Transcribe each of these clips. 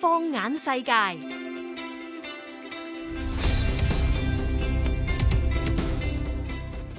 放眼世界。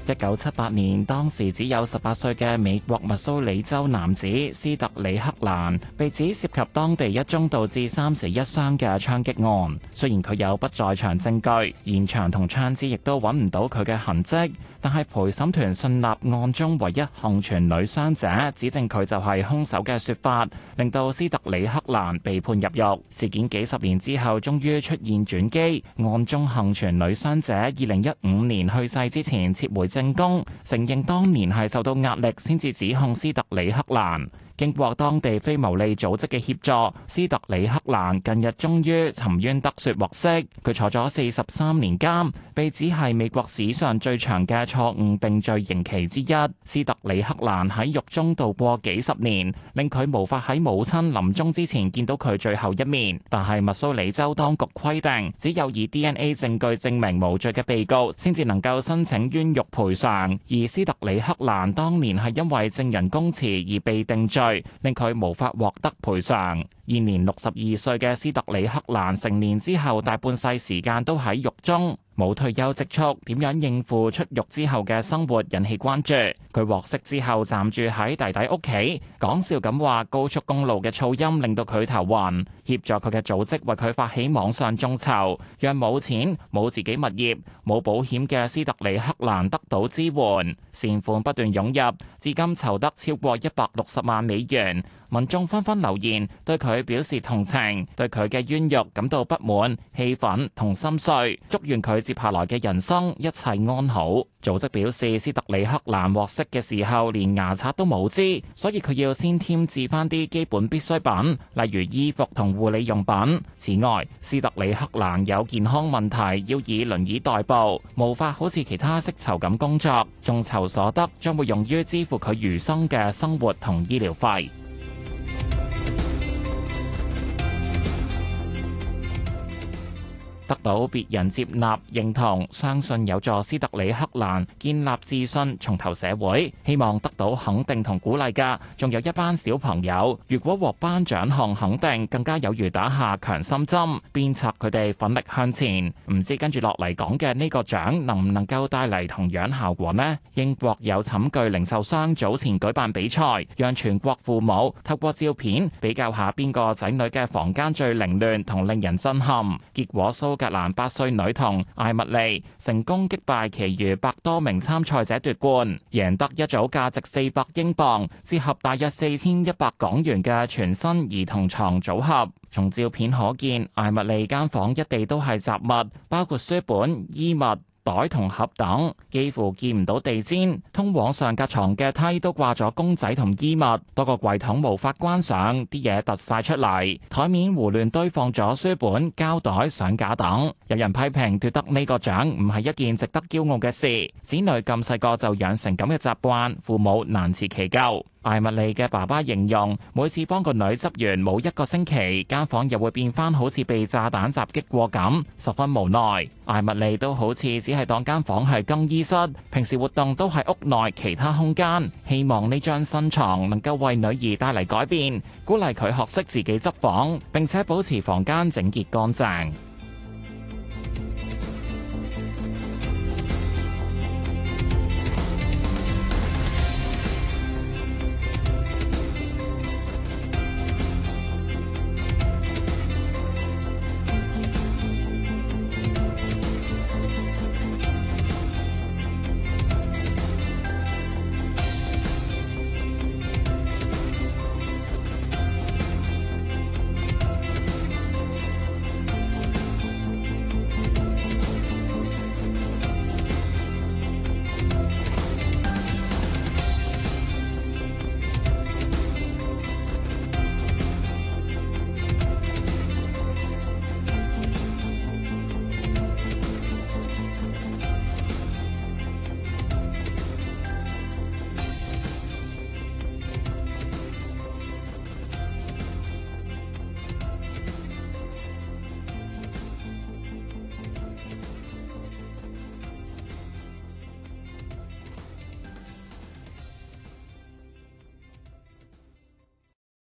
一九七八年，當時只有十八歲嘅美國密蘇里州男子斯特里克蘭被指涉及當地一宗導致三死一傷嘅槍擊案。雖然佢有不在場證據，現場同槍支亦都揾唔到佢嘅痕跡，但係陪審團信納案中唯一幸存女傷者指證佢就係兇手嘅說法，令到斯特里克蘭被判入獄。事件幾十年之後，終於出現轉機。案中幸存女傷者二零一五年去世之前撤回證供承認當年係受到壓力，先至指控斯特里克蘭。經過當地非牟利組織嘅協助，斯特里克蘭近日終於沉冤得雪獲釋。佢坐咗四十三年監，被指係美國史上最長嘅錯誤定罪刑期之一。斯特里克蘭喺獄中度過幾十年，令佢無法喺母親臨終之前見到佢最後一面。但係密蘇里州當局規定，只有以 DNA 證據證明無罪嘅被告，先至能夠申請冤獄賠償。而斯特里克蘭當年係因為證人供詞而被定罪。令佢無法獲得賠償。現年六十二歲嘅斯特里克蘭成年之後，大半世時間都喺獄中。冇退休積蓄，點樣應付出獄之後嘅生活引起關注。佢獲釋之後，暫住喺弟弟屋企，講笑咁話高速公路嘅噪音令到佢頭暈。協助佢嘅組織為佢發起網上眾籌，讓冇錢、冇自己物業、冇保險嘅斯特里克蘭得到支援。善款不斷湧入，至今籌得超過一百六十萬美元。民眾紛紛留言，對佢表示同情，對佢嘅冤獄感到不滿、氣憤同心碎，祝願佢接下來嘅人生一切安好。組織表示，斯特里克蘭獲釋嘅時候連牙刷都冇支，所以佢要先添置翻啲基本必需品，例如衣服同護理用品。此外，斯特里克蘭有健康問題，要以輪椅代步，無法好似其他釋囚咁工作。眾籌所得將會用於支付佢餘生嘅生活同醫療費。得到別人接納、認同、相信有助斯特里克蘭建立自信、重投社會。希望得到肯定同鼓勵嘅，仲有一班小朋友。如果獲頒獎項肯定，更加有如打下強心針，鞭策佢哋奮力向前。唔知跟住落嚟講嘅呢個獎，能唔能夠帶嚟同樣效果呢？英國有寢具零售商早前舉辦比賽，讓全國父母透過照片比較下邊個仔女嘅房間最凌亂同令人震撼。結果蘇蘇格蘭八歲女童艾蜜莉成功擊敗其餘百多名參賽者奪冠，贏得一組價值四百英鎊、折合大約四千一百港元嘅全新兒童床組合。從照片可見，艾蜜莉間房一地都係雜物，包括書本、衣物。袋同盒等，幾乎見唔到地氈，通往上格床嘅梯都掛咗公仔同衣物，多個櫃桶無法關上，啲嘢凸晒出嚟，台面胡亂堆放咗書本、膠袋、相架等。有人批評奪得呢個獎唔係一件值得驕傲嘅事，子女咁細個就養成咁嘅習慣，父母難辭其咎。艾蜜莉嘅爸爸形容，每次幫個女執完，冇一個星期，間房又會變翻好似被炸彈襲擊過咁，十分無奈。艾蜜莉都好似只係當間房係更衣室，平時活動都喺屋內其他空間。希望呢張新床能夠為女兒帶嚟改變，鼓勵佢學識自己執房，並且保持房間整潔乾淨。